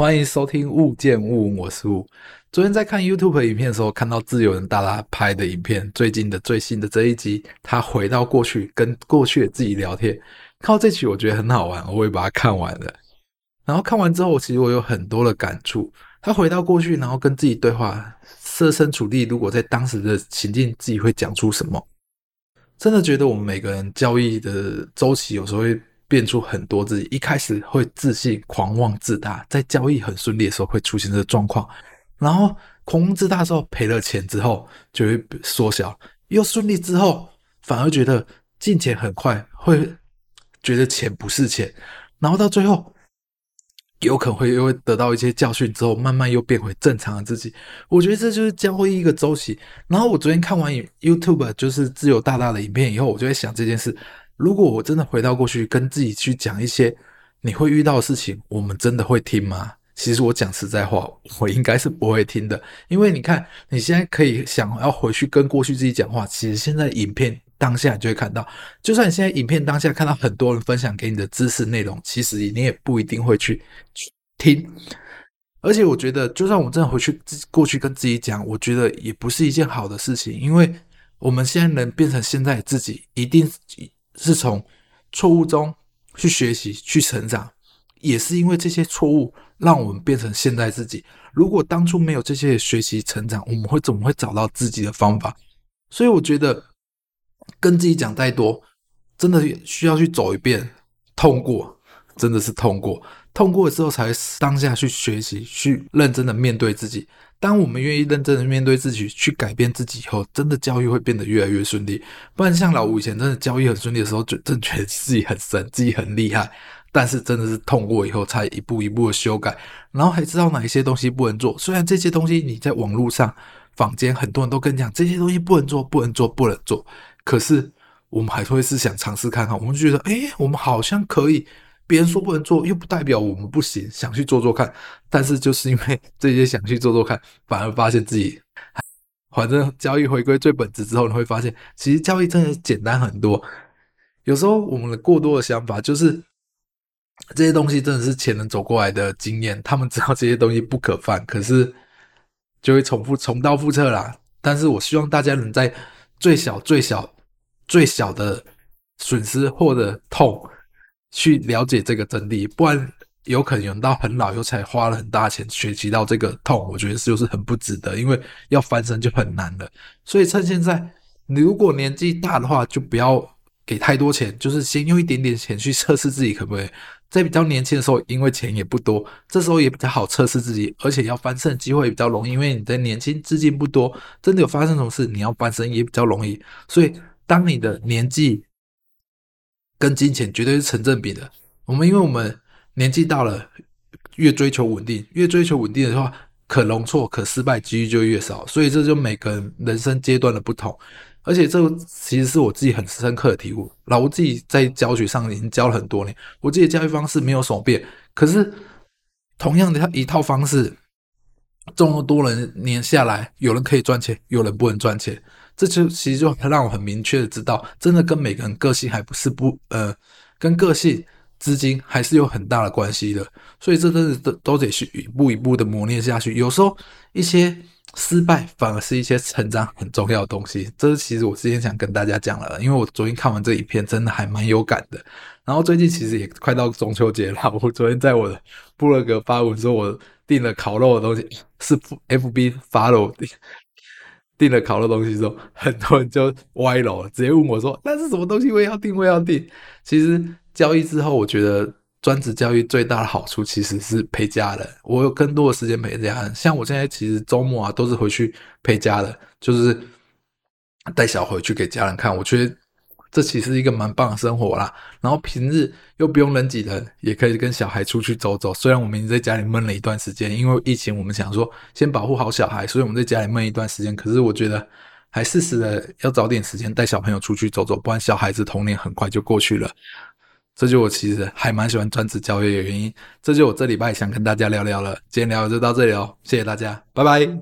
歡迎收聽物見物，我是物。昨天在看 YouTube 影片的時候，看到自由人大大拍的影片，最近的最新的這一集，他回到過去跟過去的自己聊天。看到這期我覺得很好玩，我會把它看完的。然後看完之後，其實我有很多的感觸。他回到過去，然後跟自己對話，設身處地，如果在當時的情境，自己會講出什麼？真的覺得我們每個人交易的周期，有時候會。變出很多自己，一開始會自信、狂妄自大，在交易很順利的時候會出現這個狀況，然後狂妄自大之後賠了錢之後就會縮小，又順利之後反而覺得進錢很快，會覺得錢不是錢，然後到最後有可能會又會得到一些教訓之後，慢慢又變回正常的自己。我覺得這就是交易一個周期。然後我昨天看完 YouTube 就是自由大大的影片以後，我就在想這件事。如果我真的回到過去，跟自己去講一些你會遇到的事情，我們真的會聽嗎？其實我講實在話，我應該是不會聽的，因為你看，你現在可以想要回去跟過去自己講話，其實現在影片當下你就會看到，就算你現在影片當下看到很多人分享給你的知識內容，其實你也不一定會去，去聽。而且我覺得，就算我真的回去自過去跟自己講，我覺得也不是一件好的事情，因為我們現在能變成現在自己，一定。是從錯誤中去學習、去成長，也是因為這些錯誤讓我們變成現在自己。如果當初沒有這些學習成長，我們會怎麼會找到自己的方法？所以我覺得跟自己講太多，真的需要去走一遍，痛過，真的是痛過。痛過了之後，才會當下去學習，去認真的面對自己。當我們願意認真的面對自己，去改變自己以後，真的交易會變得越來越順利。不然，像老吳以前真的交易很順利的時候，就真覺得自己很神，自己很厲害。但是，真的是痛過以後，才一步一步的修改，然後還知道哪一些東西不能做。雖然這些東西你在網絡上、坊間很多人都跟你講，這些東西不能做、不能做、不能做，可是我們還是會是想嘗試看看。我們就覺得，哎，我們好像可以。別人說不能做，又不代表我們不行，想去做做看。但是就是因為這些想去做做看，反而發現自己還，反正交易回歸最本質之後呢，你會發現，其實交易真的簡單很多。有時候我們的過多的想法，就是這些東西真的是前人走過來的經驗，他們知道這些東西不可犯，可是就會重複重蹈覆轍啦。但是我希望大家能在最小、最小、最小的損失或者痛。去了解這個真諦，不然有可能有人到很老又才花了很大錢學習到這個痛，我覺得就是很不值得，因為要翻身就很難了。所以趁現在，你如果年紀大的話，就不要給太多錢，就是先用一點點錢去測試自己可不可以。在比較年輕的時候，因為錢也不多，這時候也比較好測試自己，而且要翻身的機會也比較容易，因為你在年輕資金不多，真的有發生什麼事，你要翻身也比較容易。所以當你的年紀。跟金錢絕對是成正比的。我們因為我們年紀大了，越追求穩定，越追求穩定的話，可容錯、可失敗機遇就越少。所以這就每個人人生階段的不同，而且這其實是我自己很深刻的體悟。那我自己在教學上已經教了很多年，我自己的教育方式沒有所變，可是同樣的套一套方式，這麼多人年下來，有人可以賺錢，有人不能賺錢。這就其實就讓我很明確的知道，真的跟每個人個性還不是不呃，跟個性資金還是有很大的關係的。所以這真的都都得去一步一步的磨練下去。有時候一些失敗反而是一些成長很重要的東西。這其實我之前想跟大家講了，因為我昨天看完這一篇，真的還蠻有感的。然後最近其實也快到中秋節了，我昨天在我的部落格發文說，我訂了烤肉的東西，是 F B follow 的。訂了烤肉東西之後，很多人就歪樓，直接問我說：“那是什麼東西我？我也要訂？我也要訂？”其實交易之後，我覺得專職交易最大的好處其實是陪家人。我有更多的時間陪家人，像我現在其實周末啊都是回去陪家的，就是帶小孩回去給家人看。我覺得。這其實是一個蠻棒的生活啦，然後平日又不用人擠人，也可以跟小孩出去走走。雖然我們已經在家裡悶了一段時間，因為疫情，我們想說先保護好小孩，所以我們在家裡悶一段時間。可是我覺得還適時的要找點時間帶小朋友出去走走，不然小孩子童年很快就過去了。這就我其實還蠻喜歡專職教育的原因。這就我這禮拜想跟大家聊聊了，今天聊聊就到這裡哦，謝謝大家，拜拜。